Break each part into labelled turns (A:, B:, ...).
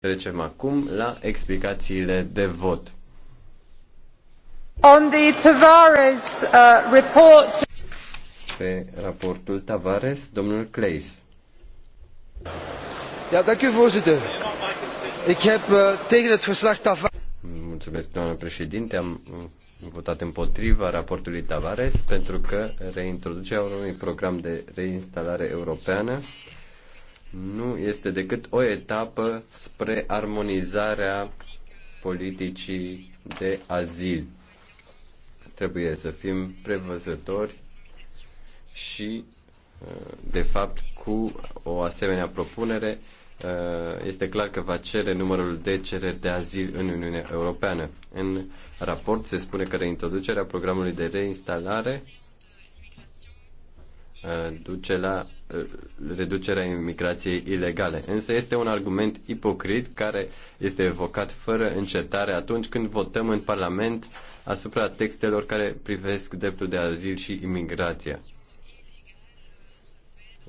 A: Trecem acum la explicațiile de vot.
B: On the Tavares uh, report.
A: Pe raportul Tavares, domnul Clays.
B: Ja, dank u voorzitter.
A: Ik heb uh, tegen het verslag Tavares. Mulțumesc, doamnă președinte. Am uh, votat împotriva raportului Tavares pentru că reintroducerea unui program de reinstalare europeană nu este decât o etapă spre armonizarea politicii de azil. Trebuie să fim prevăzători și, uh, de fapt, cu o asemenea propunere, uh, este clar că va cere numărul de cereri de azil în Uniunea Europeană. În raport se spune că reintroducerea programului de reinstalare Uh, duce la uh, reducerea imigrației ilegale. Însă este un argument ipocrit care este evocat fără încetare atunci când votăm în Parlament asupra textelor care privesc dreptul de azil și imigrația.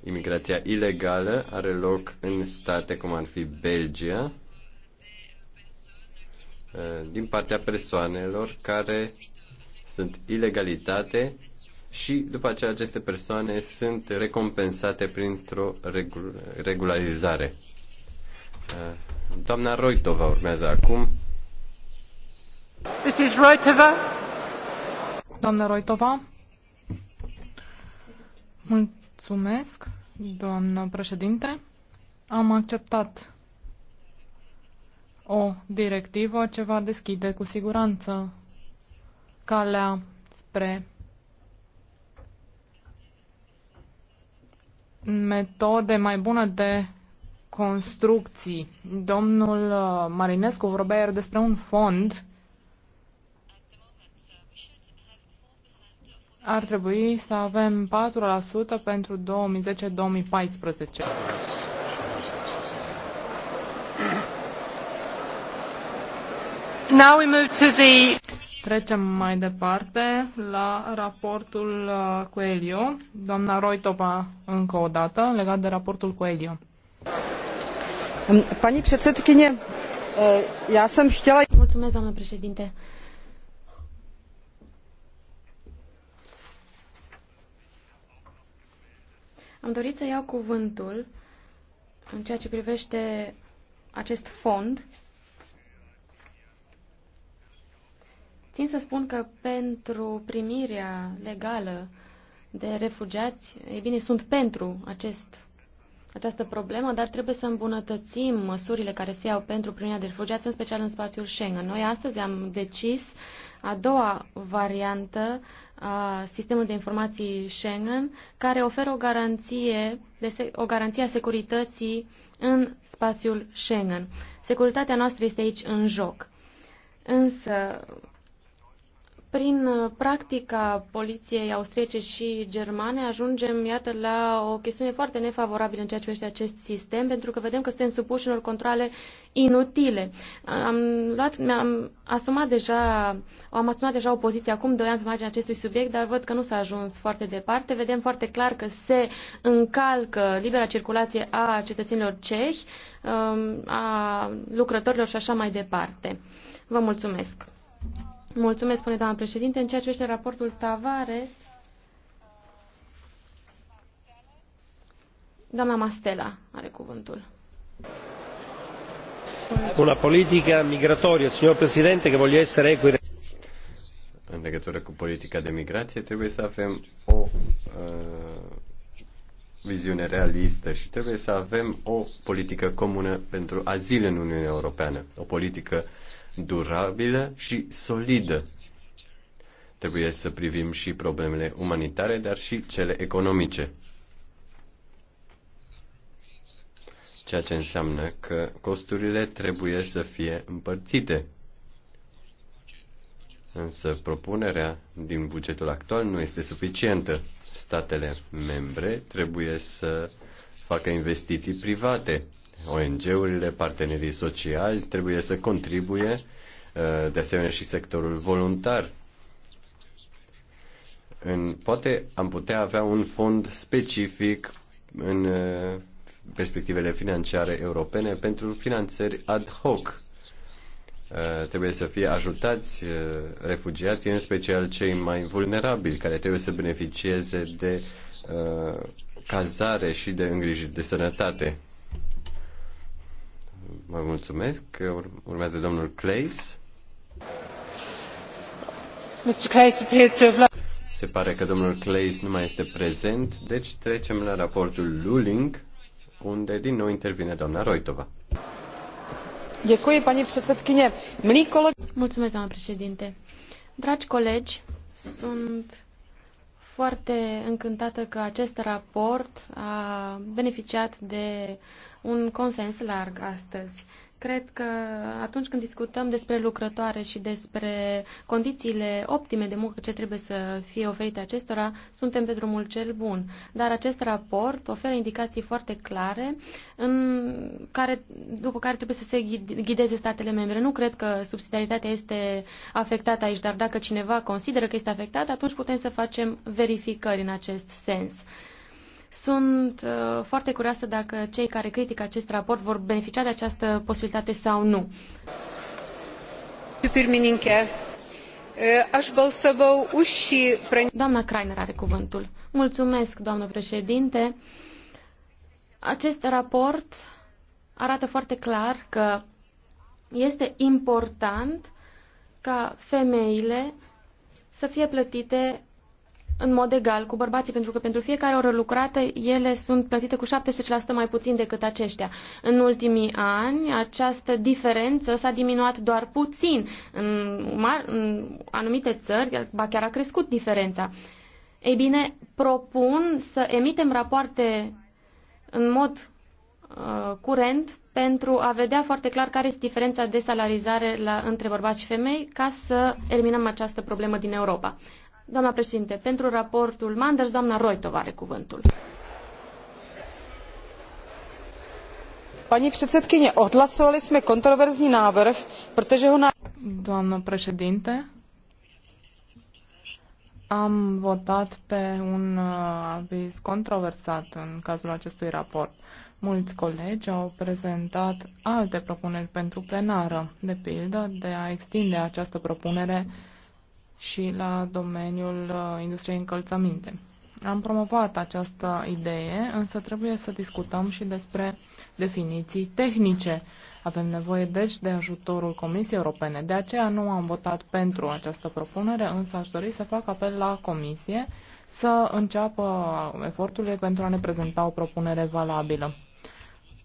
A: Imigrația ilegală are loc în state cum ar fi Belgia, uh, din partea persoanelor care sunt ilegalitate și după aceea aceste persoane sunt recompensate printr-o regularizare. Doamna Roitova urmează acum.
B: This is Roitova?
C: Doamna Roitova? Mulțumesc, doamnă președinte. Am acceptat o directivă ce va deschide cu siguranță calea spre metode mai bune de construcții. Domnul uh, Marinescu vorbea ieri despre un fond. Ar trebui să avem 4% pentru 2010-2014. Now we move to the Trecem mai departe la raportul uh, Elio. Doamna Roitova încă o dată, legat de raportul Elio.
D: Pani předsedkyně, eh, ja sam chtěla... Mulțumesc, doamna președinte. Am dorit să iau cuvântul în ceea ce privește acest fond Țin să spun că pentru primirea legală de refugiați, ei bine, sunt pentru acest, această problemă, dar trebuie să îmbunătățim măsurile care se iau pentru primirea de refugiați, în special în spațiul Schengen. Noi astăzi am decis a doua variantă a sistemului de informații Schengen, care oferă o garanție, de, o garanție a securității în spațiul Schengen. Securitatea noastră este aici în joc. Însă, prin uh, practica poliției austriece și germane ajungem, iată, la o chestiune foarte nefavorabilă în ceea ce privește acest sistem, pentru că vedem că suntem supuși unor controle inutile. Am luat, mi-am asumat deja, am asumat deja o poziție acum doi ani pe marginea acestui subiect, dar văd că nu s-a ajuns foarte departe. Vedem foarte clar că se încalcă libera circulație a cetățenilor cehi, um, a lucrătorilor și așa mai departe. Vă mulțumesc! Mulțumesc, spune doamna președinte. În ceea ce privește raportul Tavares, doamna Mastela are cuvântul.
A: Una politică migratorie, signor președinte, că voglio să equi în legătură cu politica de migrație, trebuie să avem o uh, viziune realistă și trebuie să avem o politică comună pentru azil în Uniunea Europeană, o politică durabilă și solidă. Trebuie să privim și problemele umanitare, dar și cele economice. Ceea ce înseamnă că costurile trebuie să fie împărțite. Însă propunerea din bugetul actual nu este suficientă. Statele membre trebuie să facă investiții private ONG-urile, partenerii sociali trebuie să contribuie, uh, de asemenea și sectorul voluntar. În, poate am putea avea un fond specific în uh, perspectivele financiare europene pentru finanțări ad hoc. Uh, trebuie să fie ajutați refugiații, în special cei mai vulnerabili, care trebuie să beneficieze de cazare și de îngrijiri de sănătate. Vă mulțumesc. Urmează domnul Clays. Se pare că domnul Clays nu mai este prezent, deci trecem la raportul Luling, unde din nou intervine doamna Roitova.
D: Mulțumesc, doamnă președinte. Dragi colegi, sunt foarte încântată că acest raport a beneficiat de un consens larg astăzi. Cred că atunci când discutăm despre lucrătoare și despre condițiile optime de muncă ce trebuie să fie oferite acestora, suntem pe drumul cel bun. Dar acest raport oferă indicații foarte clare în care, după care trebuie să se ghideze statele membre. Nu cred că subsidiaritatea este afectată aici, dar dacă cineva consideră că este afectată, atunci putem să facem verificări în acest sens. Sunt uh, foarte curioasă dacă cei care critică acest raport vor beneficia de această posibilitate sau nu. Uh, Doamna Kreiner are cuvântul. Mulțumesc, doamnă președinte. Acest raport arată foarte clar că este important ca femeile să fie plătite în mod egal cu bărbații, pentru că pentru fiecare oră lucrată ele sunt plătite cu 70% mai puțin decât aceștia. În ultimii ani, această diferență s-a diminuat doar puțin. În, mar, în anumite țări, ba chiar a crescut diferența. Ei bine, propun să emitem rapoarte în mod uh, curent pentru a vedea foarte clar care este diferența de salarizare la, între bărbați și femei ca să eliminăm această problemă din Europa. Doamna președinte, pentru raportul Manders, doamna Roitov are cuvântul. Pani președinte, odlasovali jsme
C: kontroverzní návrh, protože ho na... Doamnă președinte, am votat pe un uh, aviz controversat în cazul acestui raport. Mulți colegi au prezentat alte propuneri pentru plenară, de pildă de a extinde această propunere și la domeniul uh, industriei încălțăminte. Am promovat această idee, însă trebuie să discutăm și despre definiții tehnice. Avem nevoie, deci, de ajutorul Comisiei Europene. De aceea nu am votat pentru această propunere, însă aș dori să fac apel la Comisie să înceapă eforturile pentru a ne prezenta o propunere valabilă.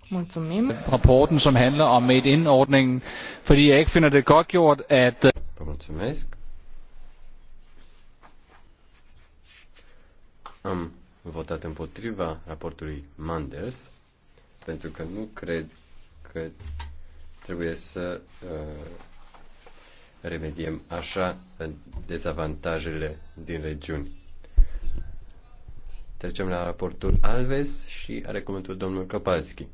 C: Mulțumim.
A: Rapporten, som handler om et indordning, fordi jeg ikke finder det godt gjort, at... mulțumesc. Am votat împotriva raportului Manders pentru că nu cred că trebuie să uh, remediem așa dezavantajele din regiuni. Trecem la raportul Alves și are cuvântul domnul Kopalski.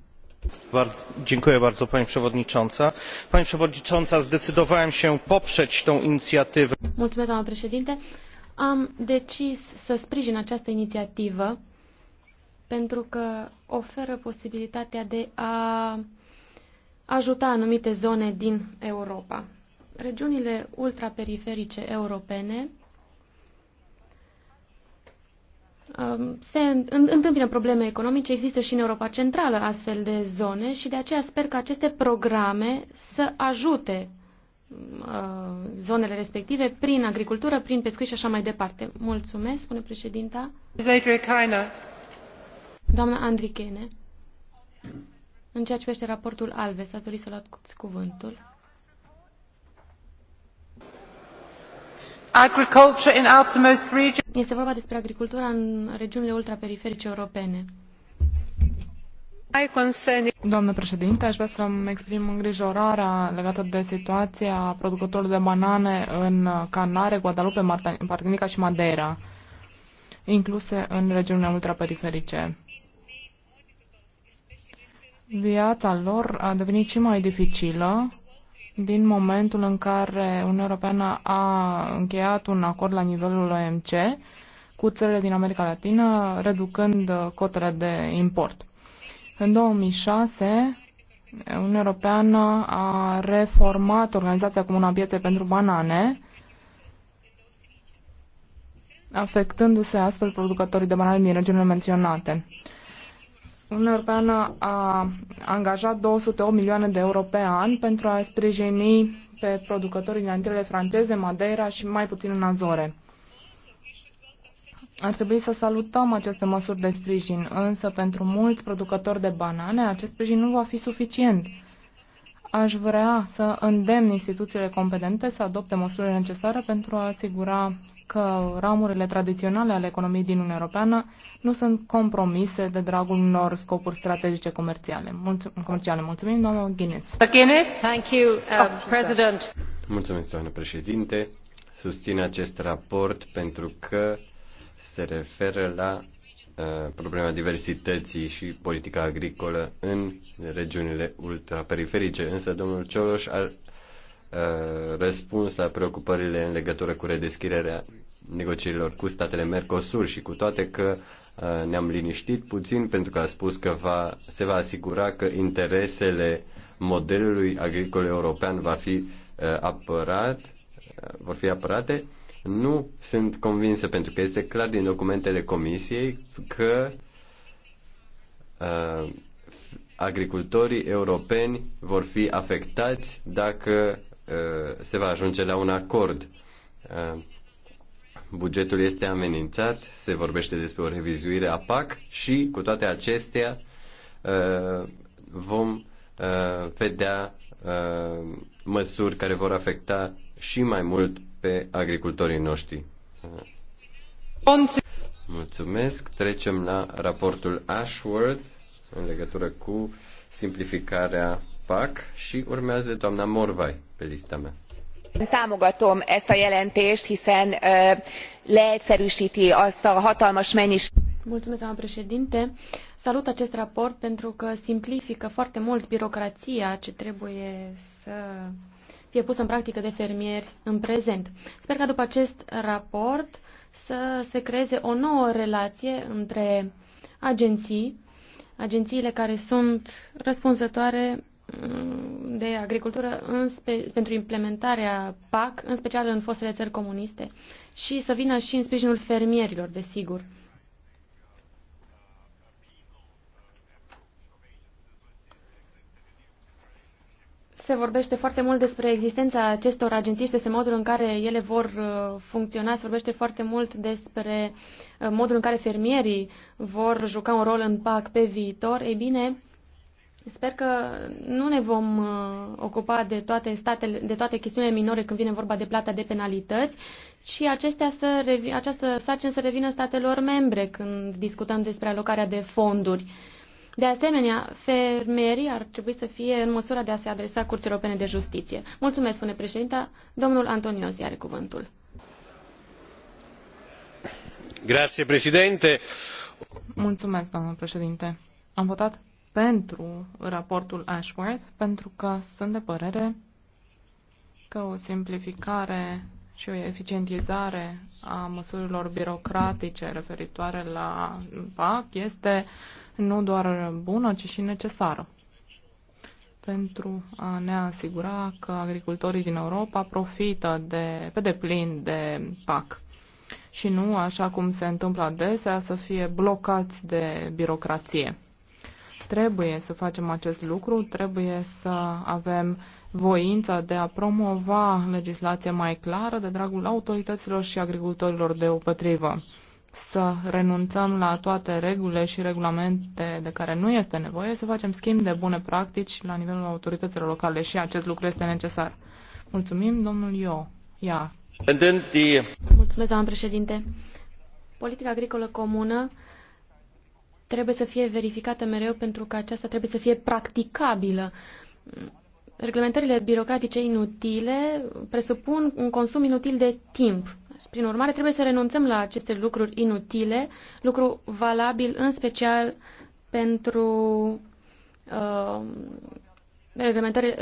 A: Bardzo, dziękuję bardzo Pani Przewodnicząca. Pani Przewodnicząca, zdecydowałem się poprzeć tą inicjatywę.
D: Mulțumesc, doamna președinte am decis să sprijin această inițiativă pentru că oferă posibilitatea de a ajuta anumite zone din Europa. Regiunile ultraperiferice europene um, se întâmpină probleme economice, există și în Europa Centrală astfel de zone și de aceea sper că aceste programe să ajute Uh, zonele respective prin agricultură, prin pescuit și așa mai departe. Mulțumesc, spune președinta. Doamna Andrichene, în ceea ce privește raportul Alves, ați dorit să luați cuvântul.
B: Agriculture
D: in outermost region. Este vorba despre agricultura în regiunile ultraperiferice europene.
C: Doamnă președinte, aș vrea să-mi exprim îngrijorarea legată de situația producătorilor de banane în Canare, Guadalupe, Martinica și Madeira, incluse în regiunile ultraperiferice. Viața lor a devenit și mai dificilă din momentul în care Uniunea Europeană a încheiat un acord la nivelul OMC cu țările din America Latină, reducând cotele de import. În 2006, Uniunea Europeană a reformat Organizația Comună a Pieței pentru Banane, afectându-se astfel producătorii de banane din regiunile menționate. Uniunea Europeană a angajat 208 milioane de euro pe an pentru a sprijini pe producătorii din Antilele franceze, Madeira și mai puțin în Azore. Ar trebui să salutăm aceste măsuri de sprijin, însă pentru mulți producători de banane acest sprijin nu va fi suficient. Aș vrea să îndemn instituțiile competente să adopte măsurile necesare pentru a asigura că ramurile tradiționale ale economiei din Uniunea Europeană nu sunt compromise de dragul unor scopuri strategice comerciale. Mulțum, comerciale. Mulțumim, doamna Guinness.
B: Guinness.
A: Thank you, uh, President. Mulțumesc, doamnă președinte. Susțin acest raport pentru că se referă la uh, problema diversității și politica agricolă în regiunile ultraperiferice. Însă domnul Cioloș a uh, răspuns la preocupările în legătură cu redeschiderea negocierilor cu statele Mercosur și cu toate că uh, ne-am liniștit puțin pentru că a spus că va, se va asigura că interesele modelului agricol european va fi apărat, vor fi apărate nu sunt convinsă, pentru că este clar din documentele comisiei că uh, agricultorii europeni vor fi afectați dacă uh, se va ajunge la un acord. Uh, bugetul este amenințat, se vorbește despre o revizuire a PAC și, cu toate acestea, uh, vom uh, vedea uh, măsuri care vor afecta și mai mult pe agricultorii noștri. Mulțumesc. Trecem la raportul Ashworth în legătură cu simplificarea PAC și urmează doamna Morvai pe lista mea.
C: Támogatom ezt a jelentést, hiszen ö, leegyszerűsíti azt a hatalmas mennyiséget.
D: Mulțumesc, doamna președinte. Salut acest raport pentru că simplifică foarte mult birocrația ce trebuie să fie pusă în practică de fermieri în prezent. Sper ca după acest raport să se creeze o nouă relație între agenții, agențiile care sunt răspunzătoare mm, de agricultură în spe- pentru implementarea PAC, în special în fostele țări comuniste, și să vină și în sprijinul fermierilor, desigur. se vorbește foarte mult despre existența acestor agenții și despre modul în care ele vor uh, funcționa. Se vorbește foarte mult despre uh, modul în care fermierii vor juca un rol în PAC pe viitor. Ei bine, Sper că nu ne vom uh, ocupa de toate, statele, de toate chestiunile minore când vine vorba de plata de penalități și acestea să revi, această sarcină să revină statelor membre când discutăm despre alocarea de fonduri. Uh, de asemenea, fermierii ar trebui să fie în măsura de a se adresa Curții Europene de Justiție. Mulțumesc, spune președinta. Domnul Antoniosi are cuvântul.
A: Grazie, președinte.
D: Mulțumesc, domnul
C: președinte. Am votat pentru raportul Ashworth pentru că sunt de părere că o simplificare și o eficientizare a măsurilor birocratice referitoare la PAC este uh, nu doar bună, ci și necesară pentru a ne asigura că agricultorii din Europa profită de, pe deplin de PAC și nu, așa cum se întâmplă adesea, să fie blocați de birocrație. Trebuie să facem acest lucru, trebuie să avem voința de a promova legislație mai clară de dragul autorităților și agricultorilor deopotrivă să renunțăm la toate regulile și regulamente de care nu este nevoie, să facem schimb de bune practici la nivelul autorităților locale și acest lucru este necesar. Mulțumim, domnul Io. Ia. Mulțumesc,
D: doamnă președinte. Politica agricolă comună trebuie să fie verificată mereu pentru că aceasta trebuie să fie practicabilă. Reglementările birocratice inutile presupun un consum inutil de timp prin urmare, trebuie să renunțăm la aceste lucruri inutile, lucru valabil în special pentru uh,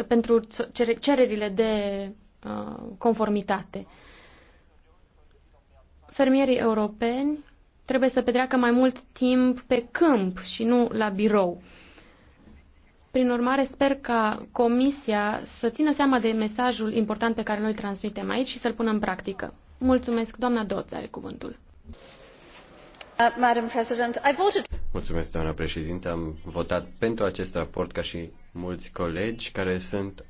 D: pentru cererile de uh, conformitate. Fermierii europeni trebuie să petreacă mai mult timp pe câmp și nu la birou. Prin urmare, sper ca Comisia să țină seama de mesajul important pe care noi îl transmitem aici și să-l pună în practică. Mulțumesc, doamna Doț are cuvântul.
A: Uh, Mulțumesc, doamna președinte. Am votat pentru acest raport ca și mulți colegi care sunt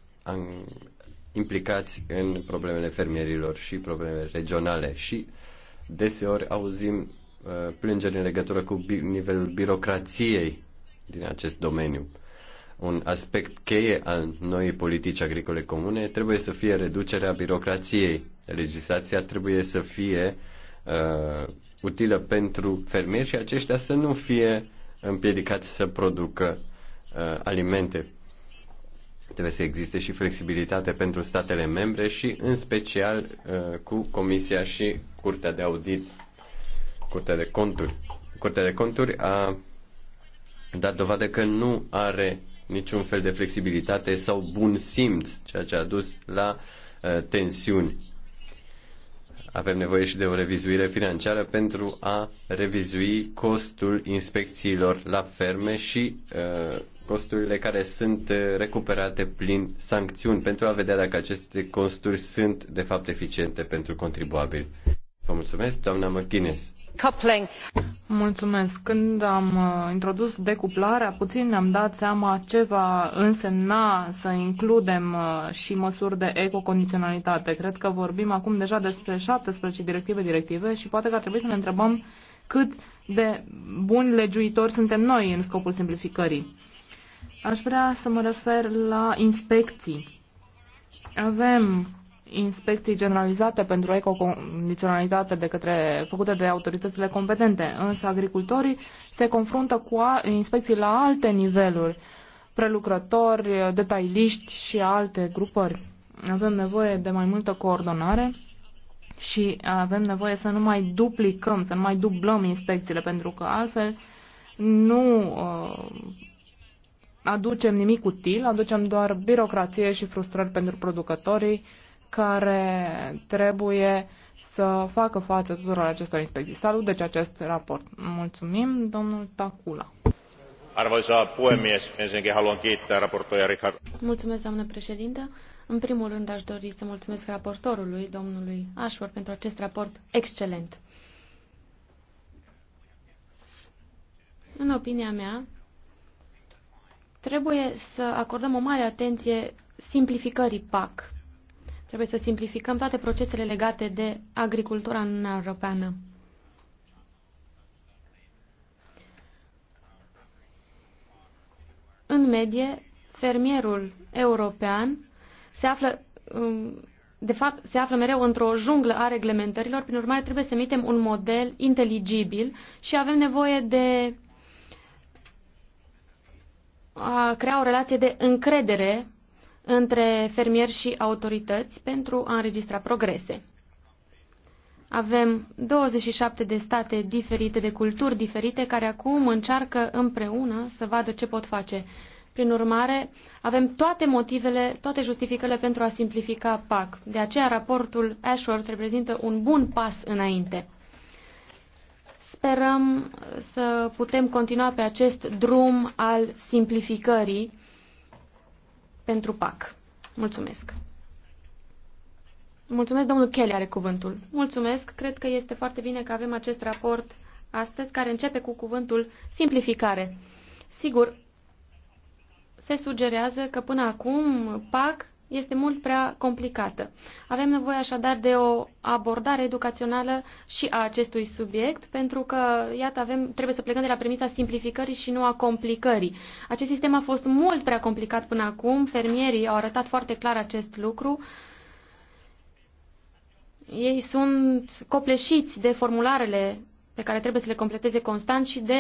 A: implicați în problemele fermierilor și problemele regionale și deseori auzim uh, plângeri în legătură cu nivelul birocrației din acest domeniu. Un aspect cheie al noii politici agricole comune trebuie să fie reducerea birocrației. Legislația trebuie să fie uh, utilă pentru fermieri și aceștia să nu fie împiedicați să producă uh, alimente. Trebuie să existe și flexibilitate pentru statele membre și în special uh, cu Comisia și Curtea de Audit, Curtea de Conturi. Curtea de Conturi a dat dovadă că nu are niciun fel de flexibilitate sau bun simț, ceea ce a dus la uh, tensiuni. Avem nevoie și de o revizuire financiară pentru a revizui costul inspecțiilor la ferme și uh, costurile care sunt uh, recuperate prin sancțiuni pentru a vedea dacă aceste costuri sunt de fapt eficiente pentru contribuabili. Mulțumesc.
C: Când am uh, introdus decuplarea, puțin ne-am dat seama ce va însemna să includem uh, și măsuri de ecocondiționalitate. Cred că vorbim acum deja despre 17 directive directive și poate că ar trebui să ne întrebăm cât de buni legiuitori suntem noi în scopul simplificării. Aș vrea să mă refer la inspecții. Avem inspecții generalizate pentru ecocondiționalitate de către, făcute de autoritățile competente, însă agricultorii se confruntă cu inspecții la alte niveluri, prelucrători, detailiști și alte grupări. Avem nevoie de mai multă coordonare și avem nevoie să nu mai duplicăm, să nu mai dublăm inspecțiile, pentru că altfel nu uh, aducem nimic util, aducem doar birocrație și frustrări pentru producătorii uh, care trebuie să facă față tuturor acestor inspecții. Salut deci acest raport. Mulțumim, domnul Tacula.
A: Arvoisa puhemies, ensinnäkin haluan kiittää raportoja Richard.
D: Mulțumesc, doamnă președintă. În primul rând aș dori să mulțumesc raportorului, domnului Ashworth, pentru acest raport excelent. În opinia mea, trebuie să acordăm o mare atenție simplificării PAC Trebuie să simplificăm toate procesele legate de agricultura în Uniunea Europeană. În medie, fermierul european se află, um, de fapt, se află mereu într-o junglă a reglementărilor, prin urmare trebuie să emitem un model inteligibil și avem nevoie de a crea o relație de încredere între fermieri și autorități pentru a înregistra progrese. Avem 27 de state diferite, de culturi diferite, care acum încearcă împreună să vadă ce pot face. Prin urmare, avem toate motivele, toate justificările pentru a simplifica PAC. De aceea, raportul Ashworth reprezintă un bun pas înainte. Sperăm să putem continua pe acest drum al simplificării pentru PAC. Mulțumesc. Mulțumesc, domnul Kelly are cuvântul. Mulțumesc, cred că este foarte bine că avem acest raport astăzi, care începe cu cuvântul simplificare. Sigur, se sugerează că până acum PAC este mult prea complicată. Avem nevoie așadar de o abordare educațională și a acestui subiect, pentru că, iată, avem, trebuie să plecăm de la premisa simplificării și nu a complicării. Acest sistem a fost mult prea complicat până acum, fermierii au arătat foarte clar acest lucru. Ei sunt copleșiți de formularele pe care trebuie să le completeze constant și de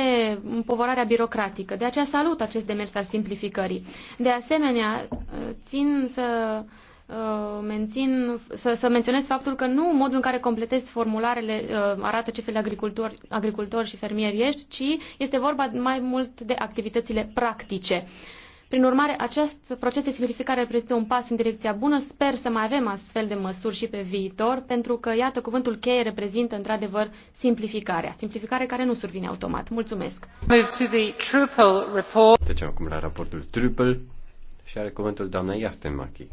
D: împovărarea birocratică. De aceea salut acest demers al simplificării. De asemenea, țin să uh, mențin, să, să menționez faptul că nu modul în care completezi formularele uh, arată ce fel de agricultor, agricultor și fermier ești, ci este vorba mai mult de activitățile practice. Uh, prin urmare, acest proces de simplificare reprezintă un pas în direcția bună. Sper să mai avem astfel de măsuri și pe viitor, pentru că, iată, cuvântul cheie reprezintă, într-adevăr, simplificarea. Simplificare care nu survine automat. Mulțumesc!
A: Trecem acum la raportul Triple și are cuvântul doamna Iartemachi.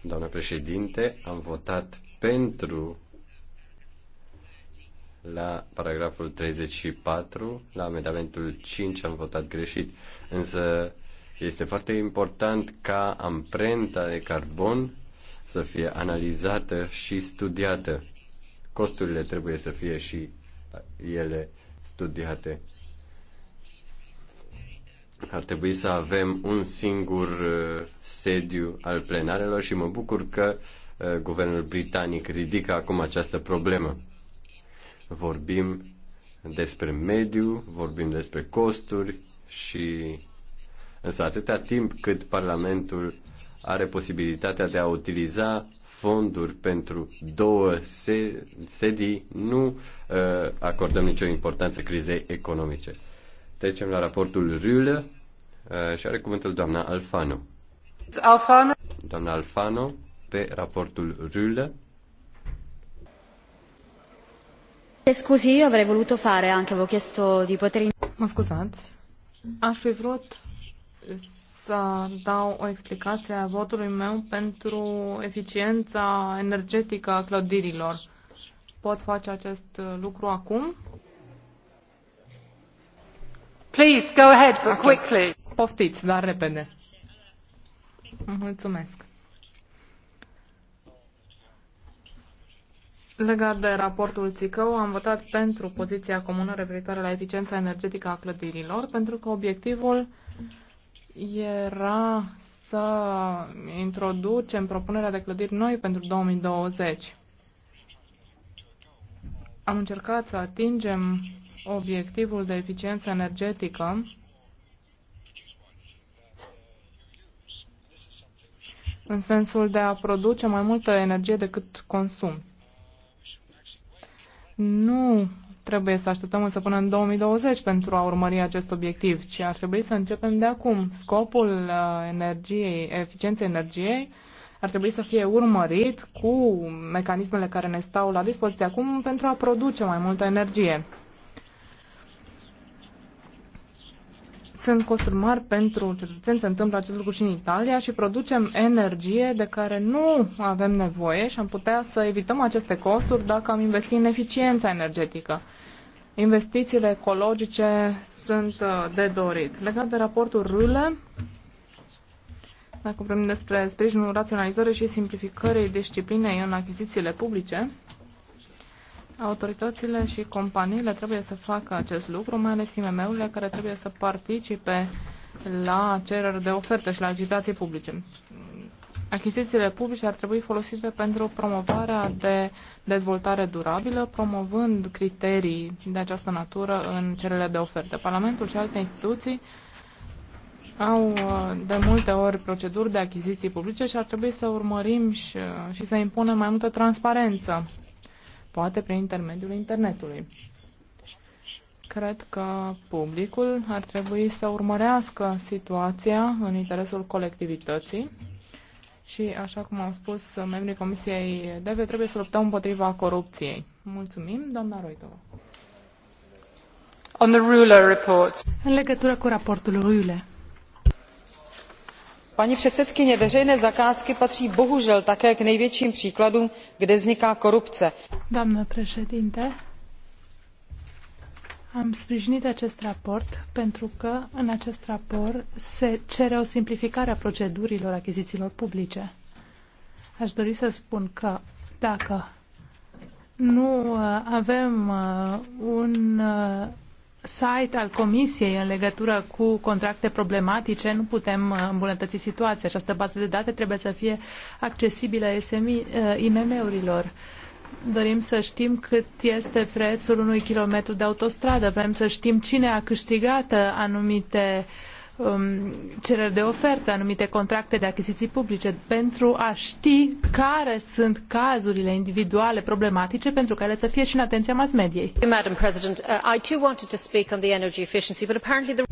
A: Doamna președinte, am votat pentru la paragraful 34, la amendamentul 5 am votat greșit, însă este foarte important ca amprenta de carbon să fie analizată și studiată. Costurile trebuie să fie și ele studiate. Ar trebui să avem un singur uh, sediu al plenarelor și mă bucur că uh, guvernul britanic ridică acum această problemă vorbim despre mediu, vorbim despre costuri și însă atâta timp cât Parlamentul are posibilitatea de a utiliza fonduri pentru două sedii, nu uh, acordăm nicio importanță crizei economice. Trecem la raportul Rulă uh, și are cuvântul doamna Alfano. Alfano. Doamna Alfano pe raportul Rulă.
D: Eh, scusi, io avrei voluto fare anche, avevo chiesto di poter... Mă scuzați, aș fi
C: vrut să dau o explicație a votului meu pentru eficiența energetică a clădirilor. Pot face acest lucru acum? Please, go ahead, but quickly. Poftiți, dar repede. Mulțumesc. Legat de raportul Țicău, am votat pentru poziția comună referitoare la eficiența energetică a clădirilor, pentru că obiectivul era să introducem propunerea de clădiri noi pentru 2020. Am încercat să atingem obiectivul de eficiență energetică în sensul de a produce mai multă energie decât consum. Nu trebuie să așteptăm însă până în 2020 pentru a urmări acest obiectiv, ci ar trebui să începem de acum. Scopul uh, energiei, eficienței energiei ar trebui să fie urmărit cu mecanismele care ne stau la dispoziție acum pentru a produce mai multă energie. sunt costuri mari pentru cetățeni, se întâmplă acest lucru și în Italia și producem energie de care nu avem nevoie și am putea să evităm aceste costuri dacă am investit în eficiența energetică. Investițiile ecologice sunt uh, de dorit. Legat de raportul Râle, dacă vorbim despre sprijinul raționalizării și simplificării disciplinei în achizițiile publice, Autoritățile și companiile trebuie să facă acest lucru, mai ales IMM-urile care trebuie să participe la cereri de ofertă și la agitații publice. Achizițiile publice ar trebui folosite pentru promovarea de dezvoltare durabilă, promovând criterii de această natură în cererile de ofertă. Parlamentul și alte instituții au uh, de multe ori proceduri de achiziții publice și ar trebui să urmărim și, uh, și să impunem mai multă transparență poate prin intermediul internetului. Cred că publicul ar trebui să urmărească situația în interesul colectivității și, așa cum am spus, membrii Comisiei DEVE trebuie să luptăm împotriva corupției.
B: Mulțumim, doamna Roitova. On the ruler report. În legătură cu raportul Ruiule paní předsedkyně veřejné zakázky patří bohužel také k největším příkladům
C: kde vzniká korupce.
B: am sprijinit acest raport pentru că în acest raport se cere o simplificare a procedurilor achizițiilor publice. Aș dori să spun că dacă nu uh, avem uh, un uh, site al Comisiei în legătură cu contracte problematice, nu putem uh, îmbunătăți situația. Această bază de date trebuie să fie accesibilă IMM-urilor. Uh, Dorim să știm cât este prețul unui kilometru de autostradă. Vrem să știm cine a câștigat uh, anumite uh, um, cereri de ofertă, anumite contracte de achiziții publice, pentru a ști care sunt cazurile individuale problematice pentru care să fie și în atenția mass mediei. Uh,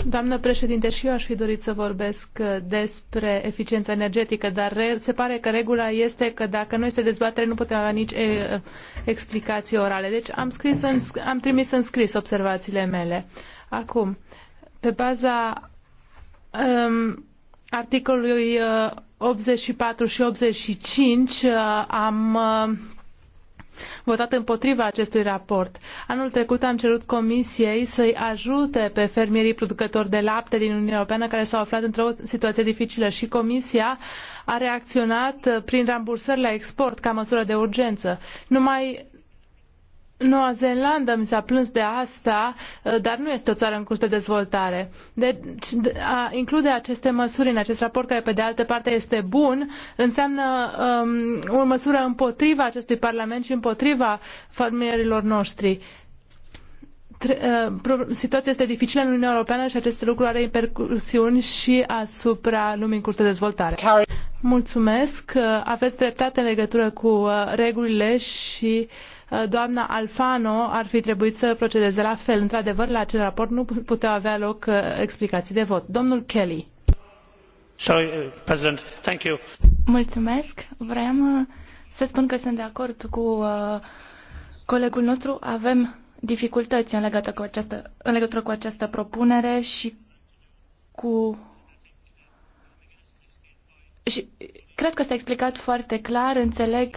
B: Doamnă președinte, și eu aș fi dorit să vorbesc uh, despre eficiența energetică, dar se pare că regula este că dacă nu este dezbatere, nu putem avea nici e, uh, explicații orale. Deci am, scris în, am trimis în scris observațiile mele. Acum, pe baza um, articolului 84 eh, și 85 eh, am eh, votat împotriva acestui raport. Anul trecut am cerut Comisiei să-i ajute pe fermierii producători de lapte din Uniunea Europeană care s-au aflat într-o situație dificilă și Comisia a reacționat prin rambursări la export ca măsură de urgență. Numai Noua Zeelandă mi s-a plâns de asta, uh, dar nu este o țară în curs de dezvoltare. Deci, a include aceste măsuri în acest raport, care pe de altă parte este bun, înseamnă um, o măsură împotriva acestui Parlament și împotriva farmierilor noștri. Tre uh, situația este dificilă în Uniunea Europeană și aceste lucruri are repercusiuni și asupra lumii în curs de dezvoltare. Mulțumesc, uh, aveți dreptate în legătură cu uh, regulile și uh, Uh, doamna Alfano ar fi trebuit să procedeze la fel. Într-adevăr, la acel raport nu puteau avea loc uh, explicații de vot. Domnul Kelly.
D: Sorry, uh, President. Thank you.
B: Mulțumesc. Vreau să spun că sunt de
C: acord cu colegul nostru. Avem dificultăți în legătură cu această, în legătură cu această propunere și cu și cred că s-a explicat foarte clar, înțeleg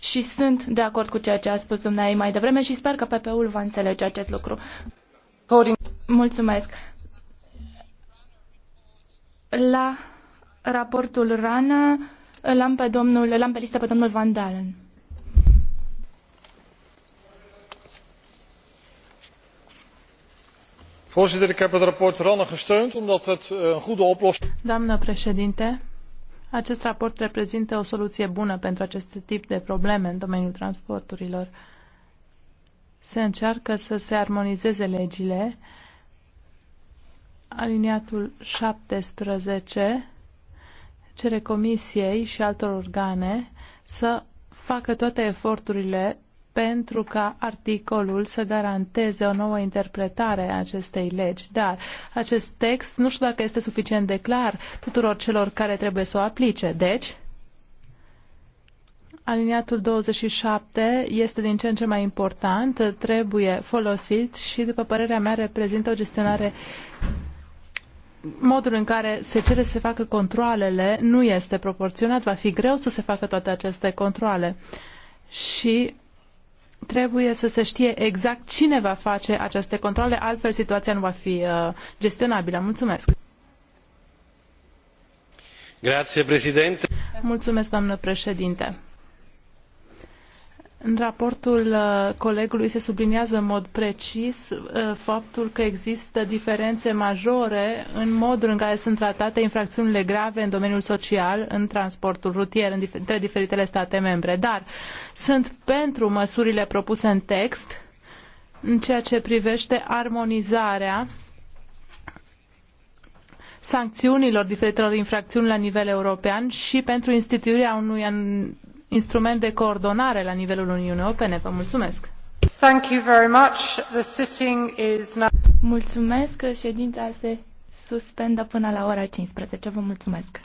C: și sunt de acord cu ceea ce a spus dumneavoastră mai devreme și sper că PP-ul va înțelege acest lucru. Mulțumesc. La
B: raportul Rana l-am pe, domnul, l-am pe listă pe domnul Van Dalen.
C: Voorzitter, ik heb het rapport Rannen gesteund omdat het eh, een goede oplossing
B: is. Doamnă președinte, acest raport reprezintă o soluție bună pentru acest tip de probleme în domeniul transporturilor. Se încearcă să se armonizeze legile. Aliniatul 17 cere comisiei și altor organe să facă toate eforturile pentru ca articolul să garanteze o nouă interpretare a acestei legi. Dar acest text nu știu dacă este suficient de clar tuturor celor care trebuie să o aplice. Deci, aliniatul 27 este din ce în ce mai important, trebuie folosit și, după părerea mea, reprezintă o gestionare modul în care se cere să se facă controlele nu este proporționat, va fi greu să se facă toate aceste controle. Și trebuie să se știe exact cine va face aceste controle, altfel situația nu va fi uh, gestionabilă. Mulțumesc! Grazie, Mulțumesc, doamnă președinte! În raportul uh, colegului se subliniază în mod precis uh, faptul că există diferențe majore în modul în care sunt tratate infracțiunile grave în domeniul social, în transportul rutier, între diferitele state membre. Dar sunt pentru măsurile propuse în text în ceea ce privește armonizarea sancțiunilor diferitelor infracțiuni la nivel european și pentru instituirea unui instrument de coordonare la nivelul Uniunii Europene. Vă mulțumesc!
C: Thank you very much. The sitting is now... Mulțumesc, ședința se suspendă până la ora 15. Vă mulțumesc!